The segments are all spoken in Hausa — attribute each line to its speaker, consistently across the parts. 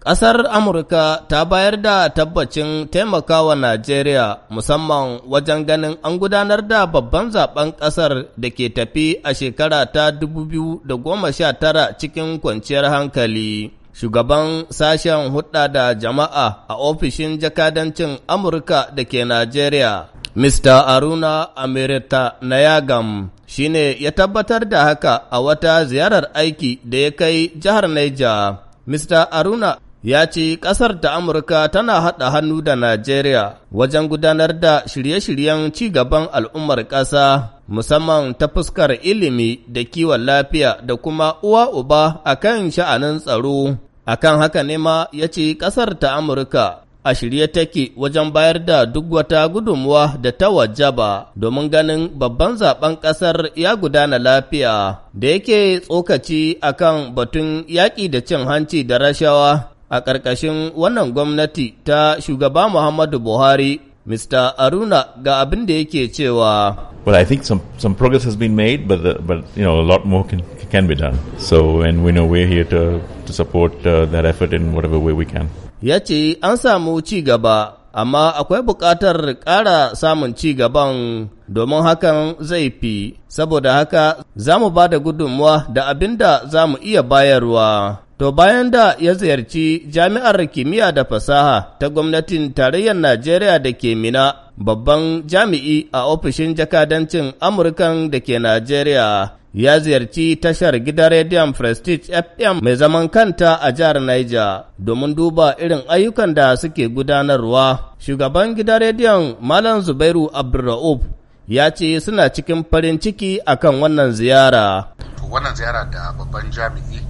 Speaker 1: Ƙasar Amurka ta bayar da tabbacin taimakawa Najeriya musamman wajen ganin an gudanar da babban zaben ƙasar da ke tafi a shekara ta 2019 cikin kwanciyar hankali. Shugaban sashen hudda da jama'a a ofishin jakadancin Amurka da ke Najeriya, Mr. Aruna Amirita Nayagam, shi ne ya tabbatar da haka a wata ziyarar aiki da ya kai jihar Niger. Mr. Aruna ya ce ƙasar ta Amurka tana haɗa hannu da Najeriya wajen gudanar da shirye-shiryen ci gaban al'ummar ƙasa musamman ta fuskar ilimi da kiwon lafiya da kuma uwa uba a kan sha'anin tsaro. A kan haka ne ma ya ce ƙasar ta Amurka a shirye take wajen bayar da duk wata gudunmuwa da ta wajaba domin ganin babban zaben ƙasar ya gudana lafiya da yake tsokaci akan batun yaƙi da cin hanci da rashawa a ƙarƙashin wannan gwamnati ta shugaba Muhammadu Buhari, Mr. Aruna ga abin da yake cewa. Well, I think some, some progress has been made, but, the, uh, but you know, a lot more can, can be done. So, and we know we're here to, to support uh, that effort in whatever way we can. Ya ce an samu ci gaba amma akwai buƙatar ƙara samun ci gaban domin hakan zai fi, saboda haka za mu ba da gudunmuwa da abin da za mu iya bayarwa. To bayan da ya ziyarci jami'ar kimiyya da fasaha ta gwamnatin tarayyar Najeriya da ke Mina, babban jami'i a ofishin jakadancin Amurkan da ke Najeriya ya ziyarci tashar gidan rediyon Prestige FM mai zaman kanta a jihar Niger domin duba irin ayyukan da suke gudanarwa. Shugaban gidan rediyon Malam Zubairu Abdulra'ub ya ce suna cikin farin ciki akan wannan ziyara.
Speaker 2: Wannan ziyara da babban jami'i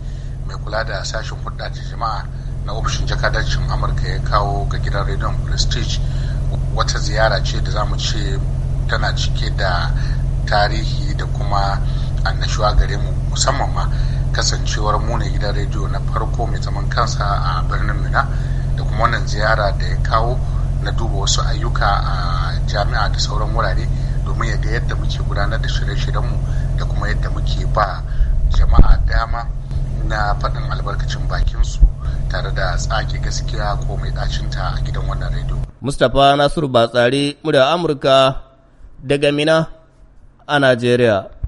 Speaker 2: mai kula da sashen hudda jama'a na ofishin jakadancin Amurka ya kawo ga gidan rediyon Prestige wata ziyara ce da za mu ce tana cike da tarihi da kuma annashuwa gare mu musamman ma kasancewar mu ne gidan rediyo na farko mai zaman kansa a birnin mina da kuma wannan ziyara da ya kawo na duba wasu ayyuka a jami'a da sauran wurare domin ya ga yadda muke gudanar da shirye mu da kuma yadda muke ba jama'a dama na faɗin albarkacin bakin su tare da tsage gaskiya ko mai ta a gidan wannan rediyo.
Speaker 1: Mustapha Nasiru Batsari, murya Amurka daga Mina a Najeriya.